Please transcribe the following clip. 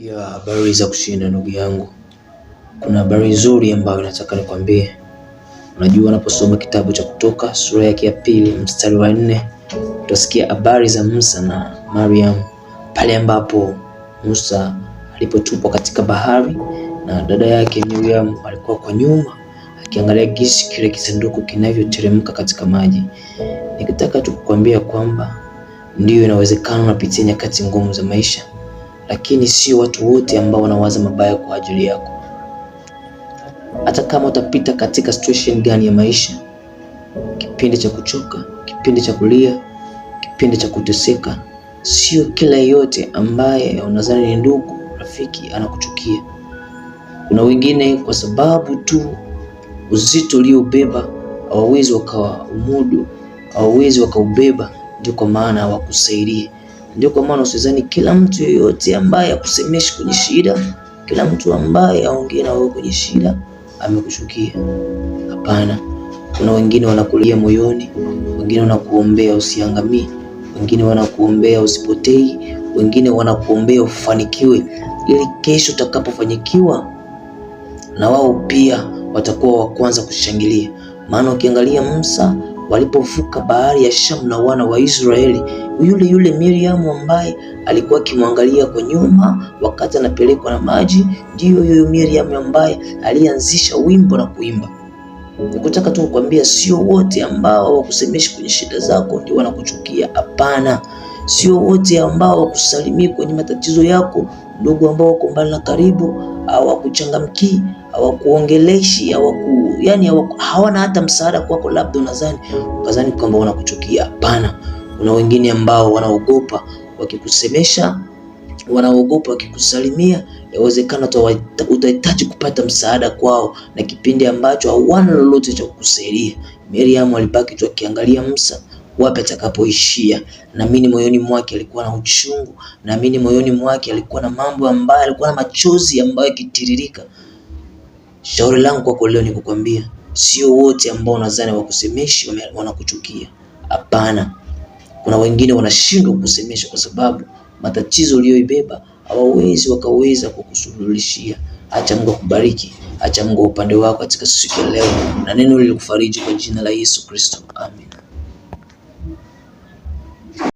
Ya habari za kushinda, ndugu yangu, kuna habari nzuri ambayo nataka nikwambie. Unajua, unaposoma kitabu cha Kutoka sura yake ya pili mstari wa nne utasikia habari za Musa na Mariam, pale ambapo Musa alipotupwa katika bahari na dada yake Miriam alikuwa kwa nyuma akiangalia jinsi kile kisanduku kinavyoteremka katika maji. Nikitaka tukukwambia kwamba ndiyo, inawezekana unapitia nyakati ngumu za maisha lakini sio watu wote ambao wanawaza mabaya kwa ajili yako. Hata kama utapita katika situation gani ya maisha, kipindi cha kuchoka, kipindi cha kulia, kipindi cha kuteseka, sio kila yeyote ambaye unadhani ni ndugu, rafiki anakuchukia. Kuna wengine kwa sababu tu uzito uliobeba hawawezi wakaumudu hawawezi wakaubeba, ndio kwa maana hawakusaidie. Ndio kwa maana usizani kila mtu yeyote ambaye akusemeshi kwenye shida, kila mtu ambaye aongee na wewe kwenye shida amekushukia. Hapana, kuna wengine wanakulia moyoni, wengine wanakuombea usiangamie, wengine wanakuombea usipotei, wengine wanakuombea ufanikiwe, ili kesho utakapofanikiwa na wao pia watakuwa wa kwanza kushangilia. Maana ukiangalia Musa walipovuka bahari ya Shamu na wana wa Israeli yule yule Miriam ambaye alikuwa akimwangalia kwa nyuma wakati anapelekwa na maji, ndiyo yule Miriam ambaye alianzisha wimbo na kuimba. Nikutaka tu kukwambia, sio wote ambao wakusemeshi kwenye shida zako ndio wanakuchukia. Hapana, sio wote ambao wakusalimii kwenye matatizo yako. Ndugu ambao wako mbali na karibu hawakuchangamkii, hawakuongeleshi, hawaku, yani hawana hata msaada kwako. Labda unadhani ukadhani kwamba wanakuchukia. Hapana. Kuna wengine ambao wanaogopa wakikusemesha, wanaogopa wakikusalimia, yawezekana utahitaji kupata msaada kwao, na kipindi ambacho hawana lolote cha kukusaidia. Miriam alibaki tu akiangalia Musa wapi atakapoishia. Naamini moyoni mwake alikuwa na uchungu, naamini moyoni mwake alikuwa na mambo ambayo alikuwa na machozi ambayo yakitiririka. Shauri langu kwako leo ni kukwambia, sio wote ambao nadhani wakusemeshi wanakuchukia. Hapana. Kuna wengine wanashindwa kusemesha kwa sababu matatizo uliyoibeba hawawezi wakaweza kukusuluhishia. Acha Mungu akubariki, acha Mungu upande wako katika siku ya leo, na neno lilikufariji kwa jina la Yesu Kristo, amen.